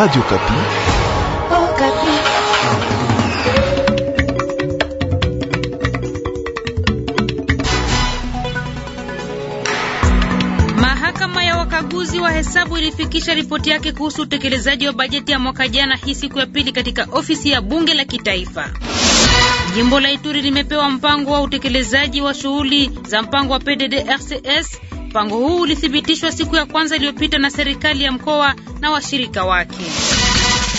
Radio Kapi. Oh, Kapi. Mahakama ya wakaguzi wa hesabu ilifikisha ripoti yake kuhusu utekelezaji wa bajeti ya mwaka jana hii siku ya pili katika ofisi ya bunge la kitaifa. Jimbo la Ituri limepewa mpango wa utekelezaji wa shughuli za mpango wa PDD RCS Mpango huu ulithibitishwa siku ya kwanza iliyopita na serikali ya mkoa na washirika wake.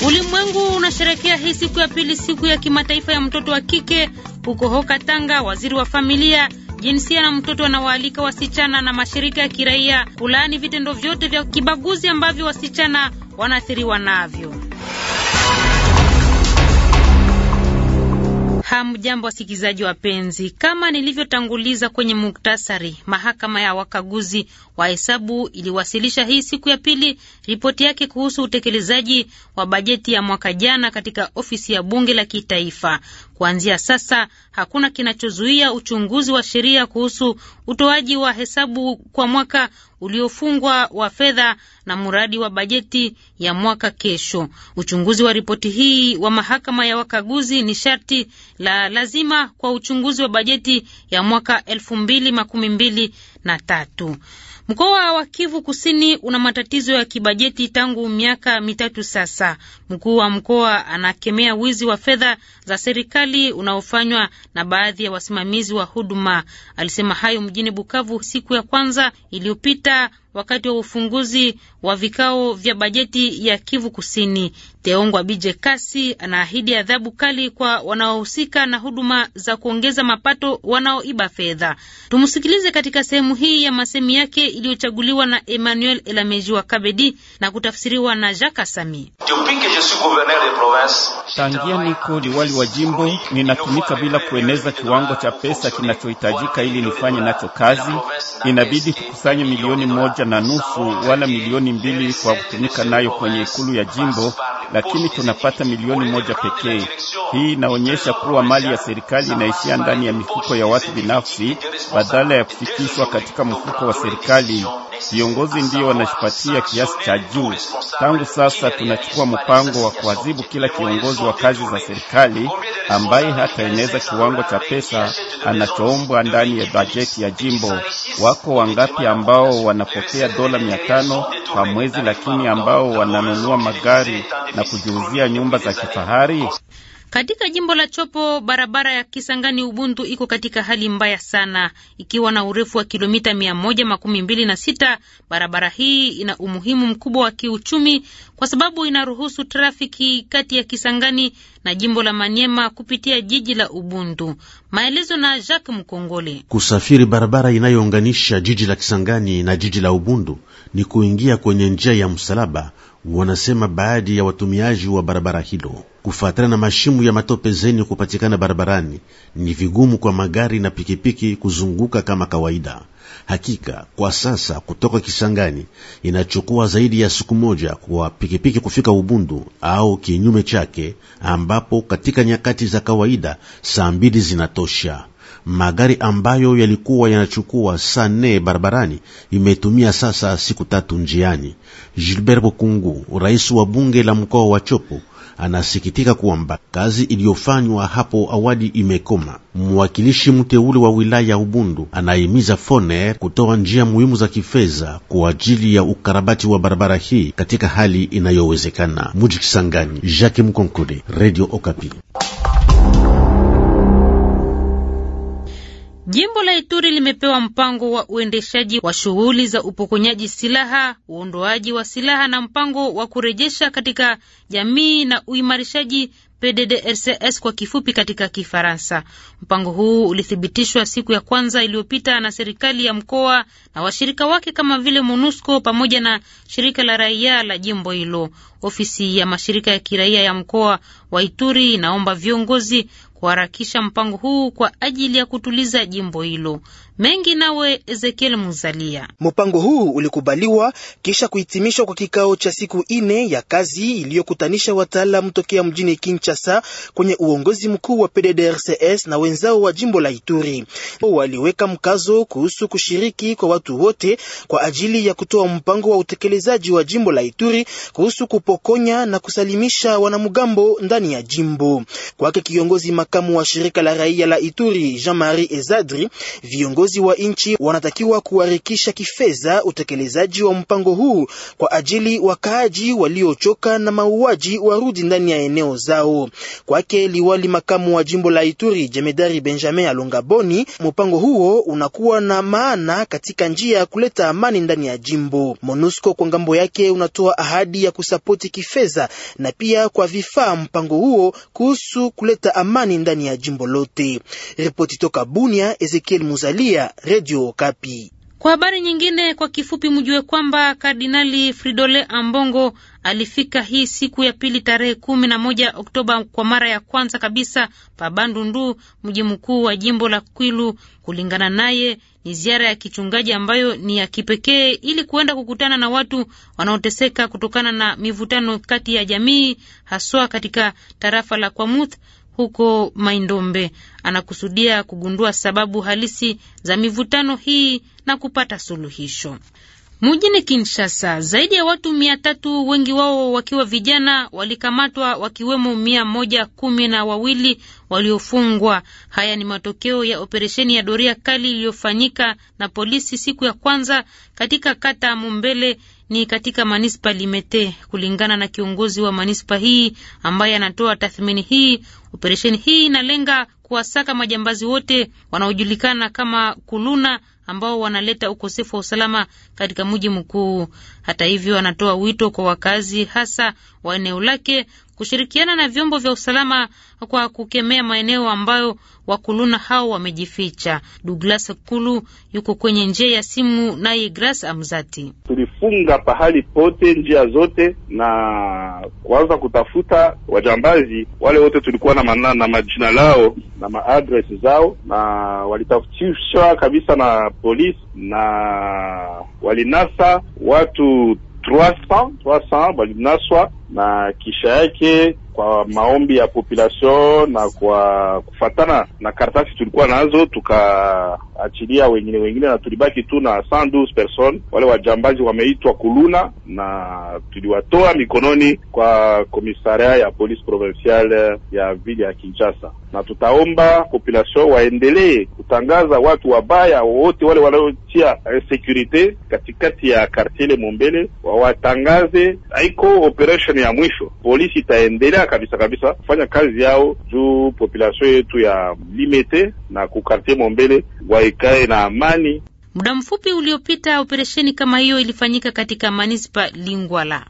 Ulimwengu unasherekea hii siku ya pili siku ya kimataifa ya mtoto wa kike huko Hoka Tanga. Waziri wa familia jinsia na mtoto anawaalika wasichana na mashirika ya kiraia kulaani vitendo vyote vya kibaguzi ambavyo wasichana wanaathiriwa navyo. Hamjambo wasikilizaji wapenzi, kama nilivyotanguliza kwenye muktasari, mahakama ya wakaguzi wa hesabu iliwasilisha hii siku ya pili ripoti yake kuhusu utekelezaji wa bajeti ya mwaka jana katika ofisi ya bunge la kitaifa. Kuanzia sasa hakuna kinachozuia uchunguzi wa sheria kuhusu utoaji wa hesabu kwa mwaka uliofungwa wa fedha na mradi wa bajeti ya mwaka kesho. Uchunguzi wa ripoti hii wa mahakama ya wakaguzi ni sharti la lazima kwa uchunguzi wa bajeti ya mwaka elfu mbili makumi mbili na tatu. Mkoa wa Kivu Kusini una matatizo ya kibajeti tangu miaka mitatu sasa. Mkuu wa mkoa anakemea wizi wa fedha za serikali unaofanywa na baadhi ya wasimamizi wa huduma. Alisema hayo mjini Bukavu siku ya kwanza iliyopita wakati wa ufunguzi wa vikao vya bajeti ya Kivu Kusini. Teongwa Bije Kasi anaahidi adhabu kali kwa wanaohusika na huduma za kuongeza mapato wanaoiba fedha. Tumsikilize katika sehemu hii ya masemi yake iliyochaguliwa na Emmanuel Elameji wa Kabedi na kutafsiriwa na Jaka Sami. Tangia niko liwali wa jimbo, ninatumika bila kueneza kiwango cha pesa kinachohitajika ili nifanye nacho kazi. Inabidi tukusanye milioni moja moja na nusu wala milioni mbili kwa kutumika nayo kwenye ikulu ya jimbo, lakini tunapata milioni moja pekee. Hii inaonyesha kuwa mali ya serikali inaishia ndani ya mifuko ya watu binafsi badala ya kufikishwa katika mfuko wa serikali. Viongozi ndio wanashipatia kiasi cha juu. Tangu sasa tunachukua mpango wa kuadhibu kila kiongozi wa kazi za serikali ambaye hataeneza kiwango cha pesa anachoombwa ndani ya bajeti ya jimbo. Wako wangapi ambao wanapokea kupokea dola mia tano kwa mwezi, lakini ambao wananunua magari na kujiuzia nyumba za kifahari katika jimbo la Chopo barabara ya Kisangani Ubuntu iko katika hali mbaya sana, ikiwa na urefu wa kilomita mia moja makumi mbili na sita. Barabara hii ina umuhimu mkubwa wa kiuchumi kwa sababu inaruhusu trafiki kati ya Kisangani na jimbo la manyema kupitia jiji la Ubuntu. Maelezo na Jacques Mkongole. Kusafiri barabara inayounganisha jiji la Kisangani na jiji la Ubuntu ni kuingia kwenye njia ya msalaba, wanasema baadhi ya watumiaji wa barabara hilo. Kufuatana na mashimu ya matope zenye kupatikana barabarani, ni vigumu kwa magari na pikipiki kuzunguka kama kawaida. Hakika kwa sasa kutoka Kisangani inachukua zaidi ya siku moja kwa pikipiki kufika Ubundu au kinyume chake, ambapo katika nyakati za kawaida saa mbili zinatosha. Magari ambayo yalikuwa yanachukua saa nne barabarani imetumia sasa siku tatu njiani. Gilbert Bukungu, rais wa bunge la mkoa wa Chopo, anasikitika kwamba kazi iliyofanywa hapo awali imekoma. Mwakilishi mteule wa wilaya ya Ubundu anahimiza Foner kutoa njia muhimu za kifedha kwa ajili ya ukarabati wa barabara hii katika hali inayowezekana. Mujikisangani, Jacques Mkonkole, Radio Okapi. Jimbo la Ituri limepewa mpango wa uendeshaji wa shughuli za upokonyaji silaha, uondoaji wa silaha na mpango wa kurejesha katika jamii na uimarishaji PDDRCS kwa kifupi katika Kifaransa. Mpango huu ulithibitishwa siku ya kwanza iliyopita na serikali ya mkoa na washirika wake kama vile MONUSCO pamoja na shirika la raia la jimbo hilo. Ofisi ya mashirika ya kiraia ya mkoa wa Ituri inaomba viongozi kuharakisha mpango huu kwa ajili ya kutuliza jimbo hilo mengi nawe Ezekiel Muzalia. Mpango huu ulikubaliwa kisha kuhitimishwa kwa kikao cha siku ine ya kazi iliyokutanisha wataalamu tokea mjini Kinshasa kwenye uongozi mkuu wa PDDRCS na wenzao wa jimbo la Ituri. Waliweka mkazo kuhusu kushiriki kwa watu wote kwa ajili ya kutoa mpango wa utekelezaji wa jimbo la Ituri kuhusu kupokonya na kusalimisha wanamgambo ndani ya jimbo. Kwake kiongozi makamu wa shirika la raia la Ituri Jean-Marie Ezadri, viongozi viongozi wa nchi wanatakiwa kuharakisha kifedha utekelezaji wa mpango huu kwa ajili wakaaji waliochoka na mauaji warudi ndani ya eneo zao. Kwake liwali makamu wa jimbo la Ituri, jemedari Benjamin Alongaboni, mpango huo unakuwa na maana katika njia ya kuleta amani ndani ya jimbo. MONUSCO kwa ngambo yake unatoa ahadi ya kusapoti kifedha na pia kwa vifaa mpango huo kuhusu kuleta amani ndani ya jimbo lote. Ripoti toka Bunia, Ezekiel Muzali kupitia redio Kapi. Kwa habari nyingine, kwa kifupi, mjue kwamba Kardinali Fridole Ambongo alifika hii siku ya pili tarehe kumi na moja Oktoba kwa mara ya kwanza kabisa pa Bandundu, mji mkuu wa jimbo la Kwilu. Kulingana naye, ni ziara ya kichungaji ambayo ni ya kipekee ili kuenda kukutana na watu wanaoteseka kutokana na mivutano kati ya jamii, haswa katika tarafa la Kwamuth huko Maindombe anakusudia kugundua sababu halisi za mivutano hii na kupata suluhisho. Mjini Kinshasa, zaidi ya watu mia tatu, wengi wao wakiwa vijana, walikamatwa wakiwemo mia moja kumi na wawili waliofungwa. Haya ni matokeo ya operesheni ya doria kali iliyofanyika na polisi siku ya kwanza katika kata Mumbele ni katika manispa Limete. Kulingana na kiongozi wa manispa hii ambaye anatoa tathmini hii, operesheni hii inalenga kuwasaka majambazi wote wanaojulikana kama kuluna ambao wanaleta ukosefu wa usalama katika mji mkuu. Hata hivyo, anatoa wito kwa wakazi hasa wa eneo lake kushirikiana na vyombo vya usalama kwa kukemea maeneo ambayo wakuluna hao wamejificha. Douglas Kulu yuko kwenye njia ya simu naye Grace Amzati. Tulifunga pahali pote njia zote na kuanza kutafuta wajambazi wale wote, tulikuwa na, manana, na majina lao na maadres zao, na walitafutishwa kabisa na polisi na walinasa watu 300, 300 300 balibina mais na kisha yake kwa maombi ya population na kwa kufatana na karatasi tulikuwa nazo, tukaachilia wengine wengine, na tulibaki tu na 112 person wale wajambazi wameitwa kuluna, na tuliwatoa mikononi kwa komisaria ya polisi provinciale ya vile ya Kinshasa, na tutaomba population waendelee kutangaza watu wabaya wote wale wanaotia insecurite katikati ya kartier Mombele wawatangaze. Haiko operation ya mwisho, polisi itaendelea kabisa kabisa kufanya kazi yao juu population yetu ya Limete na kukartie Mombele waikae na amani. Muda mfupi uliopita operesheni kama hiyo ilifanyika katika manispa Lingwala.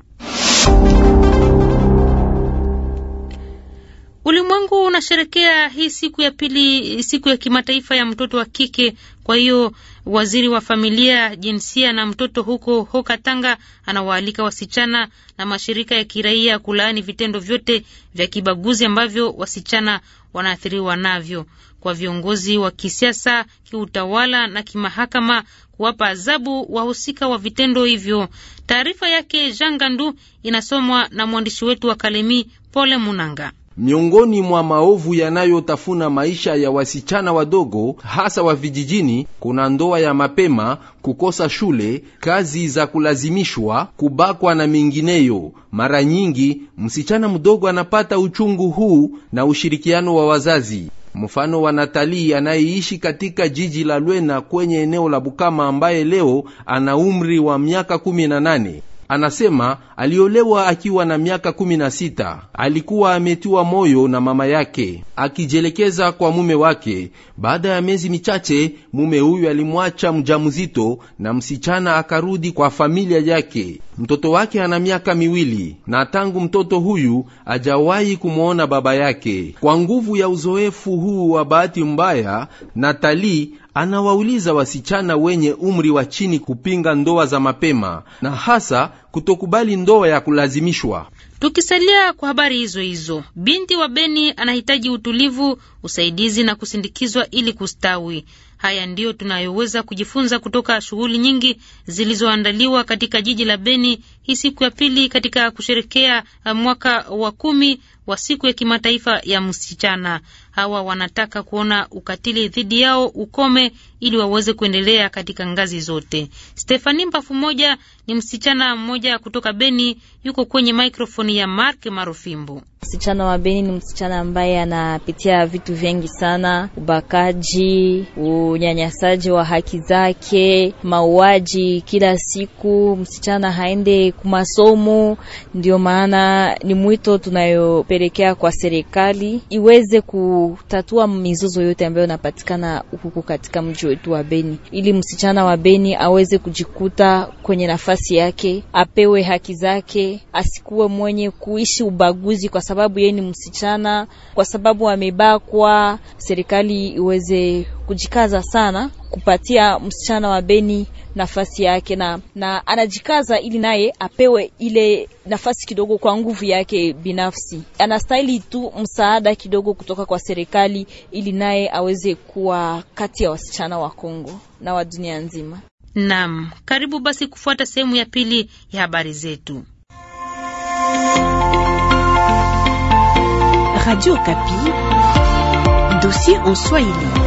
Ulimwengu unasherekea hii siku ya pili, siku ya kimataifa ya mtoto wa kike. Kwa hiyo waziri wa familia, jinsia na mtoto huko Hoka Tanga anawaalika wasichana na mashirika ya kiraia kulaani vitendo vyote vya kibaguzi ambavyo wasichana wanaathiriwa navyo, kwa viongozi wa kisiasa, kiutawala na kimahakama kuwapa adhabu wahusika wa vitendo hivyo. Taarifa yake Jean Gandu inasomwa na mwandishi wetu wa Kalemi Pole Munanga. Miongoni mwa maovu yanayotafuna maisha ya wasichana wadogo hasa wa vijijini, kuna ndoa ya mapema, kukosa shule, kazi za kulazimishwa, kubakwa na mengineyo. Mara nyingi msichana mdogo anapata uchungu huu na ushirikiano wa wazazi. Mfano wa Natalii anayeishi katika jiji la Lwena kwenye eneo la Bukama, ambaye leo ana umri wa miaka 18 anasema aliolewa akiwa na miaka kumi na sita. Alikuwa ametiwa moyo na mama yake akijielekeza kwa mume wake. Baada ya miezi michache, mume huyu alimwacha mjamzito na msichana akarudi kwa familia yake. Mtoto wake ana miaka miwili na tangu mtoto huyu ajawahi kumwona baba yake. Kwa nguvu ya uzoefu huu wa bahati mbaya, Natali anawauliza wasichana wenye umri wa chini kupinga ndoa za mapema na hasa kutokubali ndoa ya kulazimishwa. Tukisalia kwa habari hizo hizo, binti wa Beni anahitaji utulivu, usaidizi na kusindikizwa ili kustawi. Haya ndiyo tunayoweza kujifunza kutoka shughuli nyingi zilizoandaliwa katika jiji la Beni hii siku ya pili katika kusherekea eh, mwaka wa kumi wa siku ya kimataifa ya msichana. Hawa wanataka kuona ukatili dhidi yao ukome ili waweze kuendelea katika ngazi zote. Stefani Mbafu moja ni msichana mmoja kutoka Beni, yuko kwenye mikrofoni ya Mark Marofimbo. Msichana wa Beni ni msichana ambaye anapitia vitu vingi sana: ubakaji, unyanyasaji wa haki zake, mauaji kila siku. Msichana haende kumasomo, ndio maana ni mwito tunayopelekea kwa serikali iweze kutatua mizozo yote ambayo inapatikana huku katika mji wetu wa Beni, ili msichana wa Beni aweze kujikuta kwenye nafasi yake, apewe haki zake, asikuwe mwenye kuishi ubaguzi kwa sababu yeye ni msichana, kwa sababu amebakwa. Serikali iweze kujikaza sana kupatia msichana wa Beni nafasi yake na, na anajikaza ili naye apewe ile nafasi kidogo kwa nguvu yake binafsi. Anastahili tu msaada kidogo kutoka kwa serikali ili naye aweze kuwa kati ya wasichana wa Kongo na wa dunia nzima. Naam, karibu basi kufuata sehemu ya pili ya habari zetu. Radio Kapi, dossier en Swahili.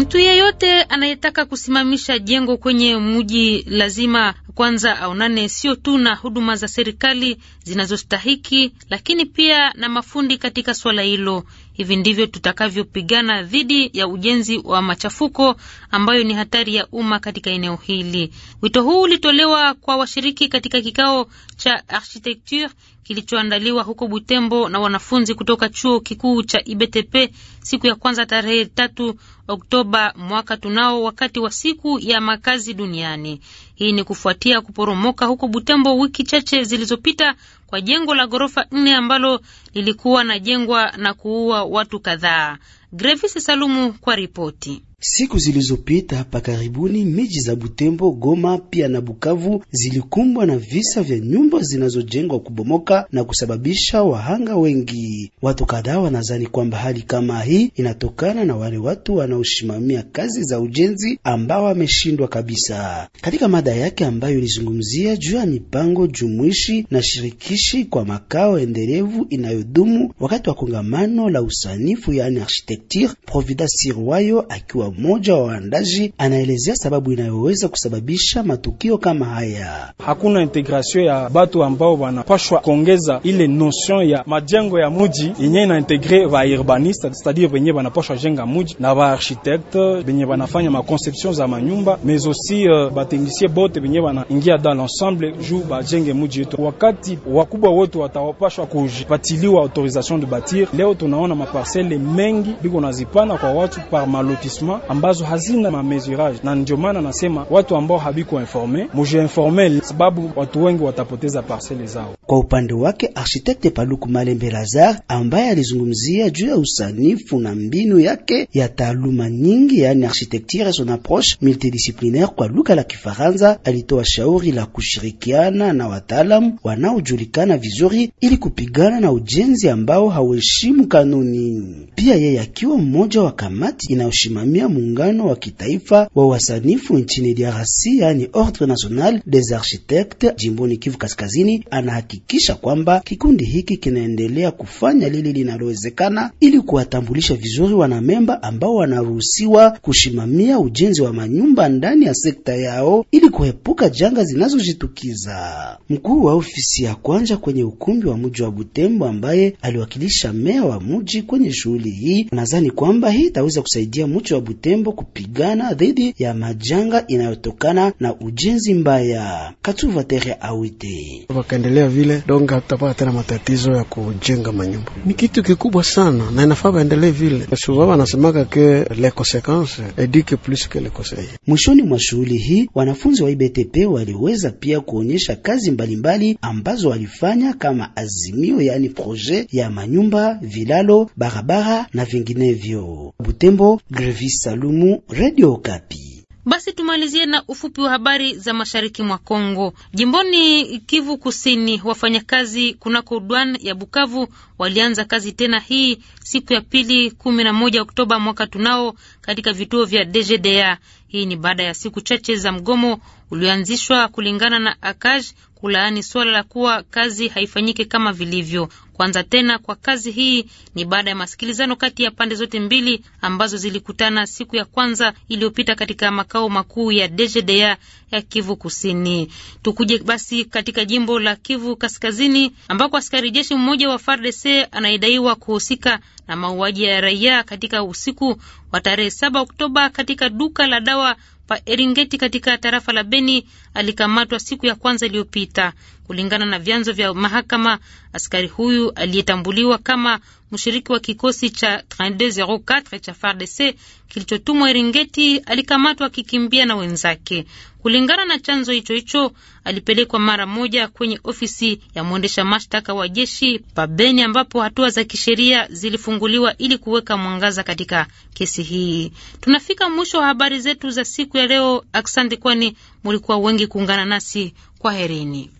Mtu yeyote anayetaka kusimamisha jengo kwenye mji lazima kwanza aonane sio tu na huduma za serikali zinazostahiki, lakini pia na mafundi katika swala hilo. Hivi ndivyo tutakavyopigana dhidi ya ujenzi wa machafuko ambayo ni hatari ya umma katika eneo hili. Wito huu ulitolewa kwa washiriki katika kikao cha architecture kilichoandaliwa huko Butembo na wanafunzi kutoka chuo kikuu cha IBTP siku ya kwanza tarehe tatu Oktoba mwaka tunao, wakati wa siku ya makazi duniani. Hii ni kufuatia kuporomoka huko Butembo wiki chache zilizopita kwa jengo la ghorofa nne ambalo lilikuwa na jengwa na kuua watu kadhaa. Grevis Salumu kwa ripoti. Siku zilizopita hapa karibuni miji za Butembo, Goma pia na Bukavu zilikumbwa na visa vya nyumba zinazojengwa kubomoka na kusababisha wahanga wengi. Watu kadhaa wanadhani kwamba hali kama hii inatokana na wale watu wanaoshimamia kazi za ujenzi ambao wameshindwa kabisa. Katika mada yake ambayo ilizungumzia juu ya mipango jumuishi na shirikishi kwa makao endelevu inayodumu wakati wa kongamano la usanifu yaani architecture, Provida Sirwayo akiwa wa mmoja wa waandaji anaelezea sababu inayoweza kusababisha matukio kama haya. Hakuna integration ya batu ambao wanapashwa kongeza ile notion ya majengo ya muji yenye na integre va urbaniste, c'est-à-dire venye wanapashwa jenga muji na va architecte venye wanafanya ma za manyumba mais aussi uh, batengisie bote venye wanaingia dans l'ensemble ju bajenge muji yetu. Wakati wakubwa wetu watawapashwa kujipatiliwa autorisation de batir, leo tunaona maparcele mengi biko nazipana kwa watu par malotissement ambazo hazina mamesurage, na ndio maana nasema watu ambao habiko informe mujiinforme, sababu watu wengi watapoteza parcele zao. Kwa upande wake architekte Paluku Malembe Lazar ambaye alizungumzia juu ya usanifu na mbinu yake ya taaluma nyingi, yaani architecture son approche multidisciplinaire kwa lugha la Kifaransa, alitoa shauri la kushirikiana na wataalamu wanaojulikana vizuri ili kupigana na ujenzi ambao hauheshimu kanuni. Pia yeye akiwa mmoja wa kamati inayoshimamia muungano wa kitaifa wa wasanifu nchini DRC, yaani Ordre National des Architectes jimboni Kivu Kaskazini, anahaki kuhakikisha kwamba kikundi hiki kinaendelea kufanya lile linalowezekana ili kuwatambulisha vizuri wanamemba ambao wanaruhusiwa kushimamia ujenzi wa manyumba ndani ya sekta yao ili kuepuka janga zinazojitukiza. Mkuu wa ofisi ya kwanza kwenye ukumbi wa mji wa Butembo, ambaye aliwakilisha meya wa mji kwenye shughuli hii, nadhani kwamba hii itaweza kusaidia mji wa Butembo kupigana dhidi ya majanga inayotokana na ujenzi mbaya. Katuva Tere Awite wakaendelea vile vile donga tutapata tena matatizo ya kujenga manyumba. Ni kitu kikubwa sana na inafaa baendelee vile subaba anasemaka ke le consequence edike plus ke le conseil. Mwishoni mwa shughuli hii wanafunzi wa IBTP waliweza pia kuonyesha kazi mbalimbali mbali ambazo walifanya kama azimio, yaani projet ya manyumba, vilalo, barabara na vinginevyo. Butembo, Grevis Salumu, Radio Kapi. Basi tumalizie na ufupi wa habari za mashariki mwa Kongo. Jimboni Kivu Kusini, wafanyakazi kunako dwan ya Bukavu walianza kazi tena hii siku ya pili kumi na moja Oktoba mwaka tunao katika vituo vya DGDA. Hii ni baada ya siku chache za mgomo ulioanzishwa kulingana na akaj kulaani swala la kuwa kazi haifanyike kama vilivyo kuanza tena kwa kazi hii ni baada ya masikilizano kati ya pande zote mbili ambazo zilikutana siku ya kwanza iliyopita katika makao makuu ya DGDA ya Kivu Kusini. Tukuje basi katika jimbo la Kivu Kaskazini ambako askari jeshi mmoja wa FARDC anayedaiwa kuhusika na mauaji ya raia katika usiku wa tarehe 7 Oktoba katika duka la dawa pa Eringeti katika tarafa la Beni alikamatwa siku ya kwanza iliyopita. Kulingana na vyanzo vya mahakama, askari huyu aliyetambuliwa kama mshiriki wa kikosi cha 3204 cha FARDC kilichotumwa Eringeti alikamatwa akikimbia na wenzake. Kulingana na chanzo hicho hicho, alipelekwa mara moja kwenye ofisi ya mwendesha mashtaka wa jeshi Pabeni, ambapo hatua za kisheria zilifunguliwa ili kuweka mwangaza katika kesi hii. Tunafika mwisho wa habari zetu za siku ya leo. Aksante kwani mulikuwa wengi kuungana nasi. Kwaherini.